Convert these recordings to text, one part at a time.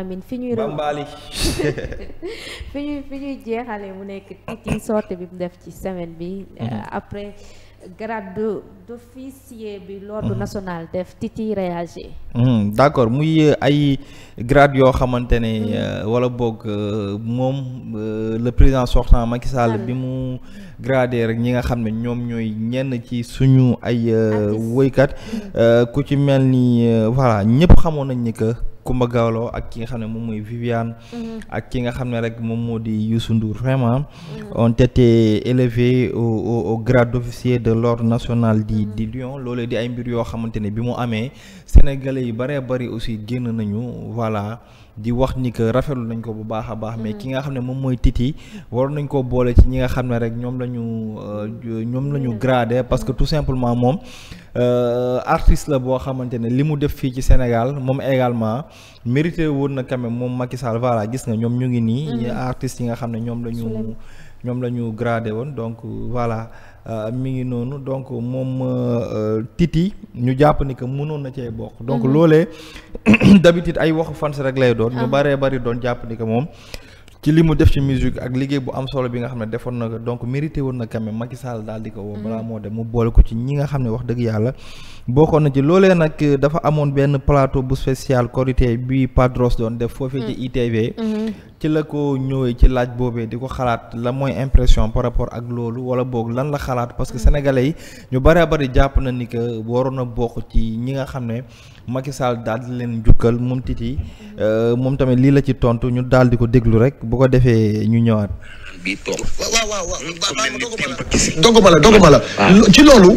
Lamine fi ñuy bambaali fi ñuy jeexale mu nekk tiiti sorte bi mu def ci semaine bi mhm. après grade d'officier bi l'ordre mhm. national def titi réagir mhm. d'accord muy euh, ay grade yoo xamante ne euh, wala boog euh, moom le président sortant Macky bi mu gradé rek ñi nga xam ne ñoom ñooy ñenn ci suñu ay woykat ku ci mel ni voilà ñëpp xamoon nañ ni Coumba Gawlo ak ki nga xam ne moom mooy Viviane mm-hmm. ak ki nga xam ne rek moom moo di Youssou Ndour vraiment mm-hmm. ont té élevés au au, au grade d'officier de l'ordre national di mm-hmm. di Lion loolu di ay mbir yoo xamante ne bi mu amee sénégalais yi bëree bëri aussi génn nañu voilà di wax ni que rafetlu nañ ko bu baax a baax mais mhm. ki nga xam ne moom mooy Titi waroon nañ koo boole ci ñi nga xam ne rek ñoom la ñu euh, ñoom la ñu gradé parce que tout simplement moom euh, artiste la boo xamante ne li mu def fii ci Sénégal moom également mérité woon na quand moom Macky Sall gis nga ñoom ñu ngi nii mhm. artistes yi nga xam ne ñoom la ñu ñoom la ñu gradé woon donc voilà euh, mi ngi noonu donc moom euh, Titi ñu jàpp ni que mënoon na cee bokk. donc mhm. loole d'habitude ay waxu fans rek lay doon. ñu ah. baree bari doon jàpp ni que moom. ci li mu def ci musique ak liggéey bu am solo bi nga xam ne defoon na donc mérité woon na quand même Macky Sall daal di ko woo. Mhm. balaa moo dem mu boole ko ci ñi nga xam ne wax dëgg yàlla. bokkoon na ci loolee nag euh, dafa amoon benn plateau bu spécial Korité bi Padros doon def foofee ci mm. ITV. Mhm. ci la ko ñëwee ci laaj boobee di ko xalaat la mooy impression par rapport ak loolu wala boog lan la xalaat parce que mm. sénégalais ñu bëree bëri jàpp na ni que waroon a bokk ci ñi nga xam ne Macky Sall daal leen jukkal moom titi mm. euh, moom tamit lii la ci tontu ñu daal di ko déglu rek bu ko defee ñu ñëwaat. bii toog waaw ci loolu.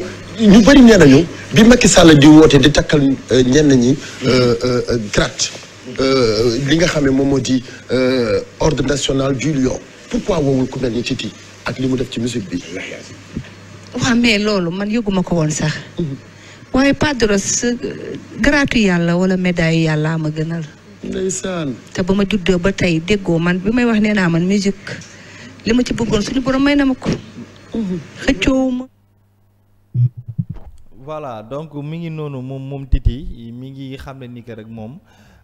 ñu bëri nee nañu bi Macky Sall di woote di takkal euh, ñenn ñi. Euh, gratte. Euh, li nga xam ne moom moo di euh, ordre national du lion pourquoi woowul ku mel ni Titi ak li mu def ci musique bi. waaw mais loolu man yëguma ko woon sax. waaye Padros gratuit yàlla wala médaille yàlla ma gënal. ndeysaan. te ba ma juddoo ba tey déggoo man bi may wax nee naa man musique li ma ci bëggoon suñu borom may na ma ko. xëccoo ma. voilà donc mi ngi noonu moom moom Titi mi ngi xam ne ni que rek moom.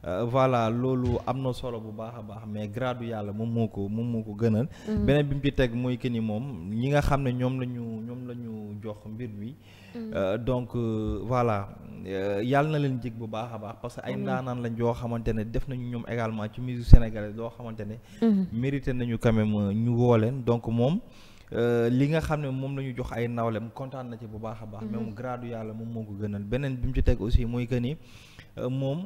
Euh, voilà loolu am na solo bu baax a baax mais gradu yàlla moom moo ko moom moo ko gënal. Mm. beneen bi mu ci teg mooy que ni moom ñi nga xam ne ñoom la ñu ñoom la ñu jox mbir bi. Mm. Euh, donc euh, voilà yàlla na leen jig bu baax a baax parce que ay ndaanaan lañ yoo xamante ne def ñoom également ci musique sénégalaise loo xamante ne. Mm-hmm. mérité nañu quand même ñu woo leen donc moom. li nga xam ne moom la ñu jox ay nawlem kontaan na ci bu baax a baax. mais mm-hmm. mu yàlla moom moo ko gënal beneen bi mu ci teg aussi mooy que ni. Euh, moom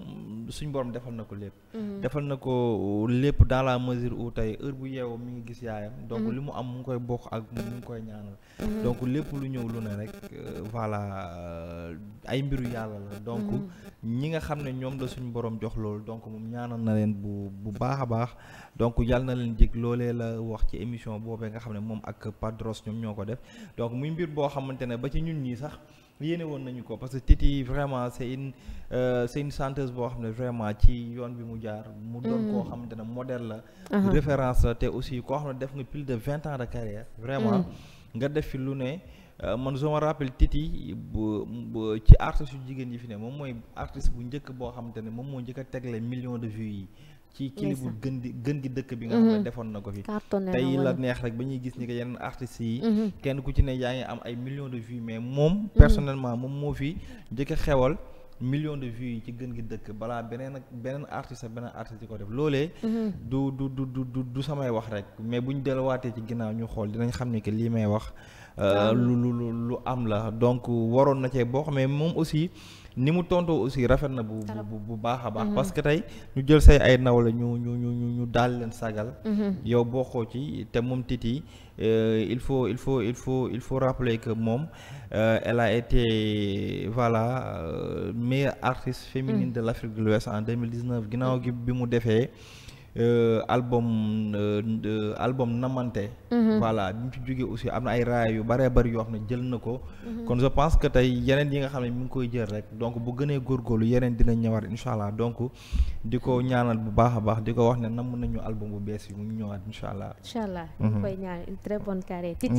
suñ borom defal na ko lépp. Mhm. defal na ko lépp dans la mesure où tey heure bu yeewoo mi ngi gis yaayam. donc mhm. li mu am mu ngi koy bokk ak mu ngi koy ñaanal. Mhm. donc lépp lu ñëw lu ne rek euh, voilà euh, ay mbiru yàlla la. donc ñi nga xam ne ñoom la suñ borom jox loolu donc moom ñaanal na leen bu bu baax a baax donc yàlla na leen jég loolee la wax ci émission boobee nga xam ne moom ak Padros ñoom ñoo ko def donc muy mbir boo xamante ne ba ci ñun ñii sax. yéene woon nañu ko parce que Titi vraiment c' est une euh, c' est une chanteuse boo xam ne vraiment ci yoon bi mu jaar. mu doon mm. koo xamante ne modèle la. Uh-huh. référence la te aussi koo xam ne def nga pil de vingt ans de carrière. vraiment mm. nga def fi lu ne. Euh, man je me rappelle Titi bu ci artiste yu jigéen yi fi ne moom mooy artiste bu njëkk boo xamante ne moom moo njëkk a tegle million de vues yi ci kilibu gën di gën gi dëkk bi nga xam ne mm-hmm. defoon na ko fi tey la neex rek ba ñuy gis ni que yenn artistes yi mm-hmm. kenn ku ci ne yaa ngi am ay millions de vues mais moom mm-hmm. personnellement moom moo fi jëkke xewal million de vues yi ci gën gi dëkk balaa beneen ak beneen artiste beneen artiste di ko def loolee du du du du du samay wax rek mais bu ñu delluwaatee ci ginnaaw ñu xool dinañ xam ne que lii may wax Euh, lu lu lu am la donc waroon na cee boo xamee moom aussi ni mu tontoo aussi rafet na bu bu bu baax a baax mhm. parce que tey ñu jël say ay nawle ñu ñu ñu ñu daal leen sagal mhm. yow bokkoo ci te moom Titi euh, il faut il faut il faut il faut rappeler que moom euh, elle a été voilà meilleure artiste féminine mhm. de l'Afrique de l'Ouest en 2019 ginnaaw gi bi mu defee Euh, album euh, album namante mhm. voilà bi mu ci jógee aussi am na ay raay yu bëree bëri yoo na jël na ko mhm. kon je pense que tey yeneen yi nga xam ne mu ngi koy jël rek donc bu gënee góorgóorlu yeneen dina ñëwaat incha allah donc di ko ñaanal bu baax a baax di ko wax ne namm nañu album bu bees yu mu ñëwaat incha allah incha allah ñu mhm. koy ñaan une très bonne carrière tit